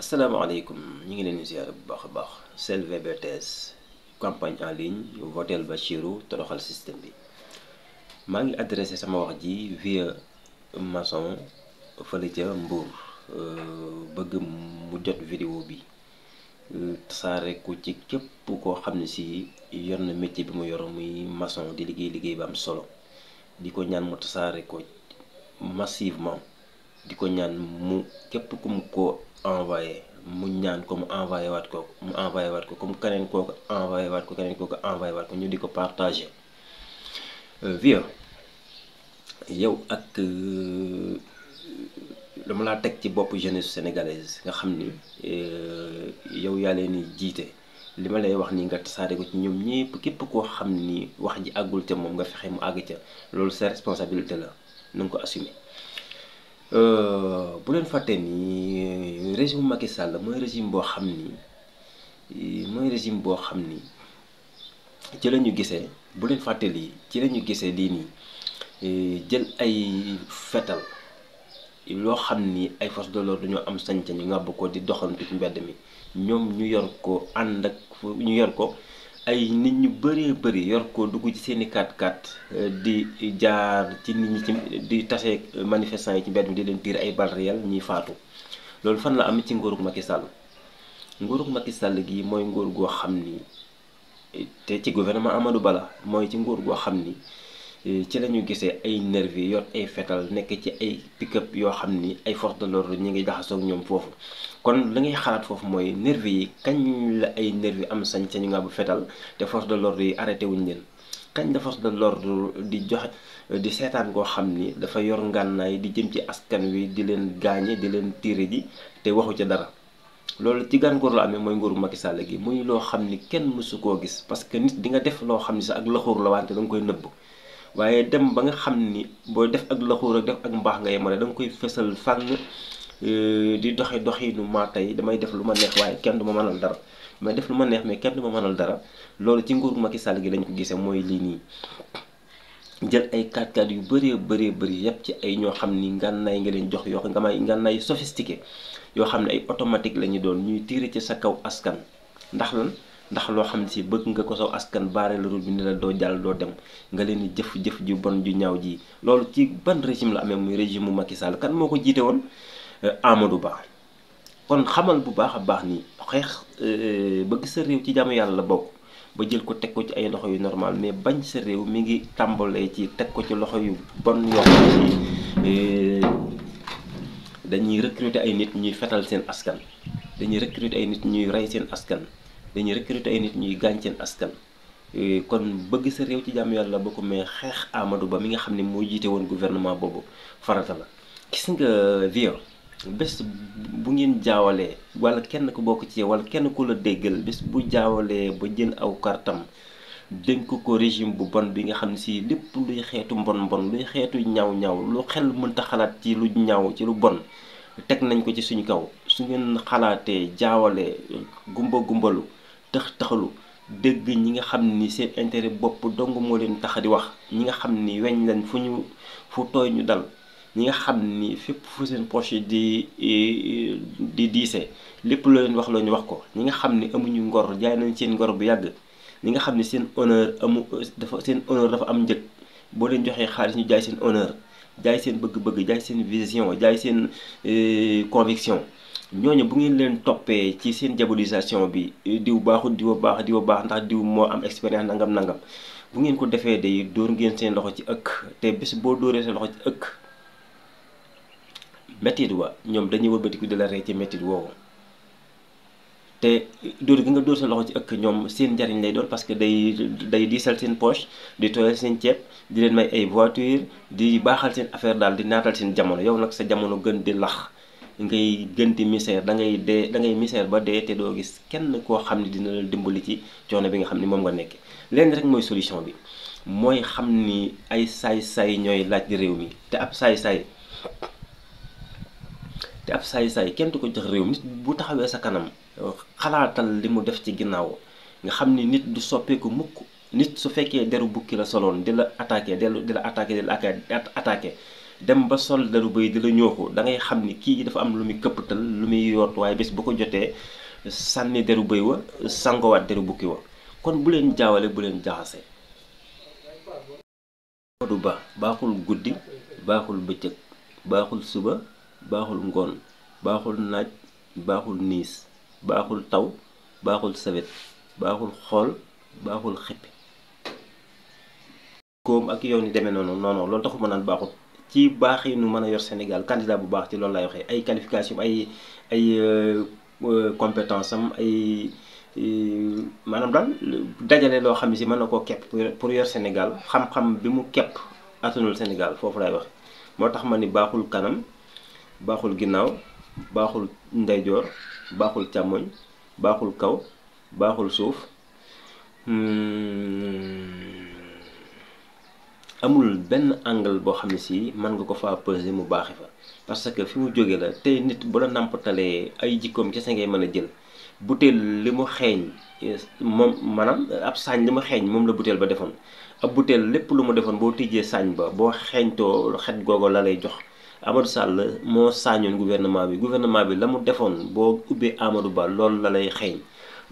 asalaamaaleykum ñu ngi leen di ziare bu baax a baax CLVBTS campagne en ligne votel Bachirou toroxal système bi maa ngi adressé sama wax ji vieux mason fële ca euh, bëgg mu jot vidéo bi euh, tasaare ko ci képp koo xam ne si yor na métier bi mu yor muy mason di liggéey liggéey bi am solo di ko ñaan mu tasaare ko massivement. di ko ñaan mu képp ku mu ko envoyé mu ñaan ko mu envoyé waat ko mu envoyé waat ko comme keneen kooku envoyé waat ko keneen kooku envoyé waat ko ñu di ko partagé euh, Vieux yow ak euh, dama laa teg ci bopp jeunesse sénégalaise nga xam ni euh, yow yaa leen di jiite li ma lay wax ni nga tasaare ko ci ñoom ñëpp képp koo xam ni wax ji àggul te moom nga fexe mu àgg ca loolu sa responsabilité la na ko assumer Euh, bu leen nii ni régime Macky Sall mooy régime boo xam ni mooy régime boo xam ni ci la gisee bu leen fàtte ci la gisee lii nii eh, jël ay fetal loo xam ni ay force de l'ordre dañoo am sañ-sañ ngàbb ko di doxantu ci mbedd mi ñoom ñu yor ko ànd ak ñu yor ko. ay nit ñu bëree bëri yor ko dugg ci seen i 4 x di jaar ci nit ñi ci di tase manifestants yi ci mbedd mi di leen tiir ay balles réelles ñuy faatu loolu fan la am ci nguurug Macky Sall nguurug Macky Sall gii mooy nguur goo xam ni te ci gouvernement Amadou Ba la mooy ci nguur goo xam ni. Eh, ci la ñu gisee ay nervi yor ay fetal nekk ci ay pick-up yoo xam ni ay force de l'ordre ñi ngi jaxasoog ñoom foofu kon li ngay xalaat foofu mooy nervi yi kañ la ay nervi am sañ sañu nga bu fetal te force de l'ordre yi arrêté wuñ leen kañ la force de l'ordre di joxe di seetaan koo xam ni dafa yor ngànnaay di jëm ci askan wi di leen gaañe di leen tiire ji te waxu ca dara loolu ci gàngoor la amee mooy nguuru Macky Sall gi ñu loo xam ni kenn mësu koo gis parce que nit di nga def loo xam ni sax ak laxuur la wante da koy nëbb waaye dem ba nga xam ni booy def ak laxuur ak def ak mbaax nga yemale da nga koy fësal fàng euh, di doxi doxinu ma tey damay def lu ma neex waaye kenn du ma mënal dara damay def lu ma neex mais kenn du ma mënal dara loolu ci nguur Macky Sall gi lañ ko gisee mooy lii nii jël ay kaat-kaat yu bëree bëree bëri yëpp ci ay ñoo xam ni ngan ngànnaay nga leen jox yoo xam nga may ngànnaay sophistiqué yoo xam ne ay automatique la ñu doon ñuy tiire ci sa kaw askan ndax lan ndax loo xam si bëgg nga ko saw askan baare la route bi ni la doo jàll doo dem nga leen di jëf jëf ju bon ju ñaaw ji loolu ci ban régime la amee muy régime mu Macky Sall kan moo ko jiite woon euh, Amadou Ba kon xamal bu baax a baax ni xeex euh, bëgg sa réew ci jaamu yàlla la bokk ba jël ko teg ko ci ay loxo yu normal mais bañ sa réew mi ngi tàmbalee ci teg ko ci loxo yu bon yoo xam si euh, dañuy recruter ay nit ñuy fetal seen askan dañuy recruter ay nit ñuy rey seen askan. dañuy recruter ay nit ñuy gaañ seen askan. E, kon bëgg sa réew ci jàmm yàlla boo ko mais xeex Amadou Ba mi nga xam ne moo jiite woon gouvernement boobu farata la gis nga viol bés bu ngeen jaawalee wala kenn ku bokk ci wala kenn ku la déggal bés bu jaawalee ba jën aw kartam dénk ko régime bu bon bi nga xam ne si lépp luy xeetu mbon mbon luy xeetu ñaw ñaaw lu xel mënta xalaat ci lu ñaw ci lu bon teg nañ ko ci suñu kaw su ngeen xalaatee jaawalee gumba gumbalu tëx tëxalu dégg ñi nga xam ni seen intérêt bopp dong moo leen tax di wax ñi nga xam ni weñ lañ fu ñu fu tooy ñu dal ñi nga xam ni fépp fu seen poche di e, di diise lépp loo leen wax loo ñu wax ko ñi nga xam ni amuñu ngor jaay nañ seen ngor bu yàgg ñi nga xam ni seen honneur amu dafa seen honneur dafa am njëg boo leen joxee xaalis ñu jaay seen honneur jaay seen bëgg-bëgg jaay seen vision jaay seen e, conviction ñooñu bu ngeen leen toppee ci seen diabolisation bi diw baaxul diw baax diw baax ndax diw moo am expérience nangam nangam bu ngeen ko defee day dóor ngeen seen loxo ci ëkk te bés boo dóoree seen loxo ci ëkk méttit wa ñoom dañuy wëlbatiku di la ci méttit woowu te dóor gi nga dóor seen loxo ci ëkk ñoom seen njariñ lay doon parce que day day diisal seen poche di tooyal seen ceeb di leen may ay voiture di baaxal seen affaire daal di naatal seen jamono yow nag sa jamono gën di lax ngay gën di misère da ngay dee da ngay ba dee te doo gis kenn koo xam ne dina la dimbali ci coono bi nga xam ne moom nga nekk lenn rek mooy solution bi mooy xam ni ay saay-saay ñooy laaj réew mi te ab saay-saay te ab saay-saay kenn du ko jox réew nit bu taxawee sa kanam xalaatal li mu def ci ginnaaw nga xam ni nit du soppeeku mukk nit su fekkee deru bukki la soloon di la attaqué dellu di la attaqué di la attaqué dem ba sol deru bëy di la ñoo da ngay xam ni kii dafa am lu muy këppatal lu muy yoot waaye bés bu ko jotee sànni deru bëy wa sangowaat deru bukki wa kon bu leen jaawale bu leen jaxase Modou Ba baaxul guddi baaxul bëccëg baaxul suba baaxul ngoon baaxul naaj baaxul niis baaxul taw baaxul sawet baaxul xool baaxul xippi koom ak yoon yi demee noonu non non loolu taxuma naan baaxul ci baax yi nu mën a yor Sénégal candidat bu baax ci loolu laay waxee ay qualification ay ay euh, euh, compétence am ay euh, maanaam daal dajale loo xam ne si mën na ko kepp pour yor Sénégal xam-xam bi mu kepp atanul Sénégal foofu laay wax moo tax ma ni baaxul kanam baaxul ginnaaw baaxul ndeyjoor baaxul càmmoñ baaxul kaw baaxul suuf. Hmm. amul benn angle boo xam ne si mën nga ko faa peser mu baax fa parce que fi mu jóge la tey nit bu la nàmpatalee ay jikkoom kese ngay mën a jël butéel li mu xeeñ moom maanaam ab saañ li mu xeeñ moom la butéel ba defoon ab butéel lépp lu mu defoon boo tijjee saañ ba boo xeeñtoo xet googu la lay jox Amadou Sall moo saañoon gouvernement bi gouvernement bi la mu defoon boo ubbee Amadou Ba loolu la lay xeeñ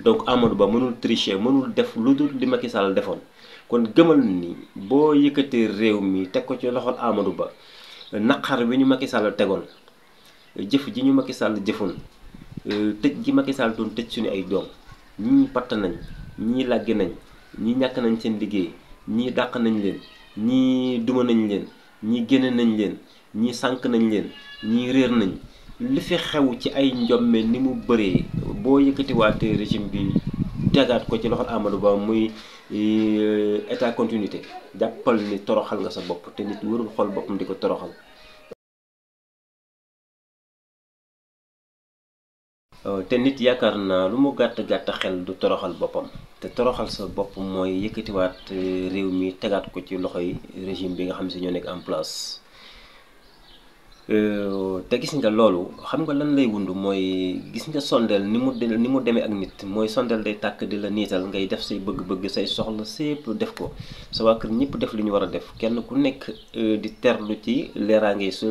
donc Amadou Ba mënul tricher mënul def lu dul li Macky Sall defoon kon gëmal ni boo yëkkatee réew mi teg ko ci loxol Amadou Ba naqar bi ñu Macky Sall tegoon jëf ji ñu Macky sàll jëfoon euh, tëj gi Macky Sall doon tëj suñu ay doom ñii patt nañ ñii làgge nañ ñii ñàkk nañ seen liggéey ñii dàq nañ leen ñii duma nañ leen ñii génne nañ leen ñii sànq nañ leen ñii réer nañ li fi xew ci ay njomme ni mu bëree boo yëkkatiwaatee régime bi tegaat ko ci loxol Amadou Ba muy Euh, état continuité jàppal ni toroxal nga sa bopp te nit warul xool boppam di ko toroxal. Euh, te nit yaakaar naa lu mu gàtt gàtt xel du toroxal boppam te toroxal sa bopp mooy yëkkatiwaat euh, réew mi tegaat ko ci loxo yi régime bi nga xam si ñoo nekk en place. te gis nga loolu xam nga lan lay wund mooy gis nga sondeel ni mu ni mu demee ak nit mooy sondeel day tàkk di la niital ngay def say bëgg-bëgg say soxla sépp def ko sa waa kër ñëpp def li ñu war a def kenn ku nekk euh, di terlu ci leeraange su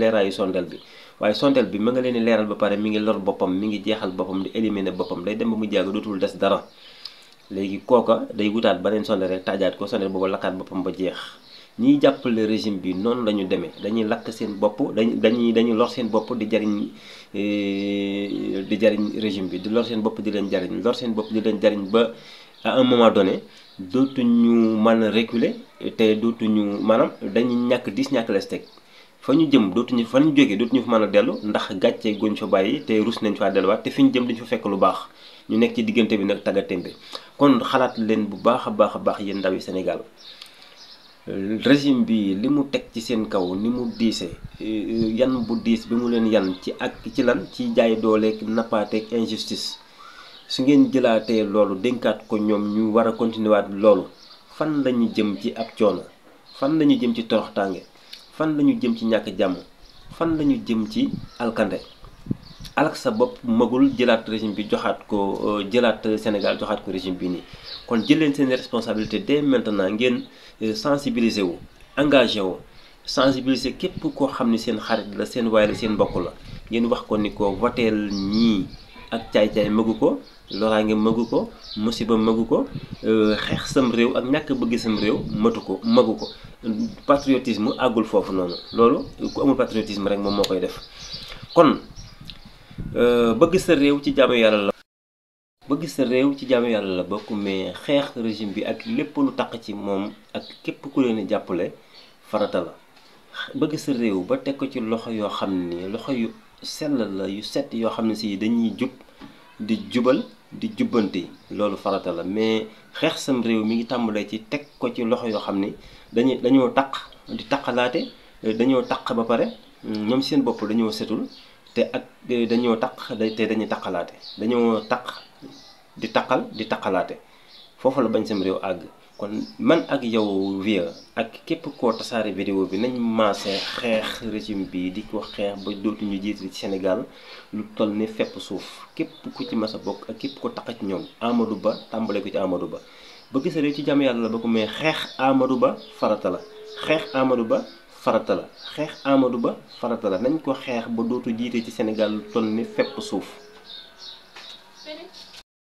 leeraayu sondeel bi waaye sondeel bi ma nga leen di leeral ba pare mi ngi lor boppam mi ngi jeexal boppam di éliminer boppam day dem ba mu jàgg dootul des dara léegi kooka day wutaat beneen sondeel rek taajaat ko sondeel boobu lakkaat boppam ba jeex ñiy jàppale régime bi noonu la ñu demee dañuy lakk seen bopp dañuy dañuy lor seen bopp di jariñ eh, di jariñ régime bi di lor seen bopp di leen jariñ lor seen bopp di leen jariñ ba à done moment donné dootuñu mën a reculer te dootu ñu maanaam dañuy ñàkk dis ñàkk les teg fa ñu jëm dootuñu fa ñu jógee dootuñu fa mën a dellu ndax gàccee goñ fa bàyyi te rus nañ faa delluwaat te fi ñu jëm dañu fa fekk lu baax ñu nekk ci diggante bi nag tagga témbe kon xalaat leen bu baax a baax a baax yéen ndaw yi Sénégal régime bi li mu teg ci seen kaw ni mu diise euh, yan bu diis bi mu leen yan ci ak ci lan ci jaay dooleek nappaateeg injustice su ngeen jëlaatee loolu dénkaat ko ñoom ñu war a continuer loolu fan lañu jëm ci ab coono fan la ñu jëm ci toroxtaange fan la ñu jëm ci ñàkk jàmm fan la ñu jëm ci alkande alak sa bopp magul jëlaat régime bi joxaat ko euh, jëlaat Sénégal joxaat ko régime bi nii kon jëleen leen seen responsabilité dès maintenant ngeen euh, sensibiliser wu engagé wu sensibiliser képp koo xam ni seen xarit la seen waay la seen mbokk la ngeen wax ko ni ko voteel ñii ak caay-caay mëgu ko loraange magu ko musiba magu ko euh, xeex sam réew ak ñàkk bëgg sam réew matu ko magu ko patriotisme àggul foofu noonu loolu ku amul patriotisme rek moom moo koy def Euh, bëgg sa réew ci jaamu yàlla la sa réew ci jaamu la bokk mais xeex régime bi ak lépp lu taq ci moom ak képp ku leen jàppale farata la bëgg sa réew ba teg ko ci loxo yoo xam ni loxo yu sell la yu set yoo xam ne si dañuy jub di jubal di jubbanti loolu farata la mais xeex sam réew mi ngi tàmbalee ci teg ko ci loxo yoo xam ni dañu dañoo taq di taqalaate dañoo taq ba pare ñoom seen bopp dañoo setul te ak dañoo taq te dañuy taxalaate dañoo taq di taqal di taqalaate foofu la bañ sam réew àgg kon man ak yow Vieux ak képp ko tasaare vidéo bi nañ maase xeex régime bi di ko xeex ba dootuñu jiite ci Sénégal lu toll ni fepp suuf képp ku ci mas a bokk ak képp ko tax ci ñoom Amadou Ba tàmbale ko ci Amadou Ba ba gis réew ci jàmm yàlla la ba ko mais xeex Amadou Ba farata la xeex Amadou Ba farata la xeex Amadou Ba farata la dañ ko xeex ba dootu jiite ci Sénégal toll ni fépp suuf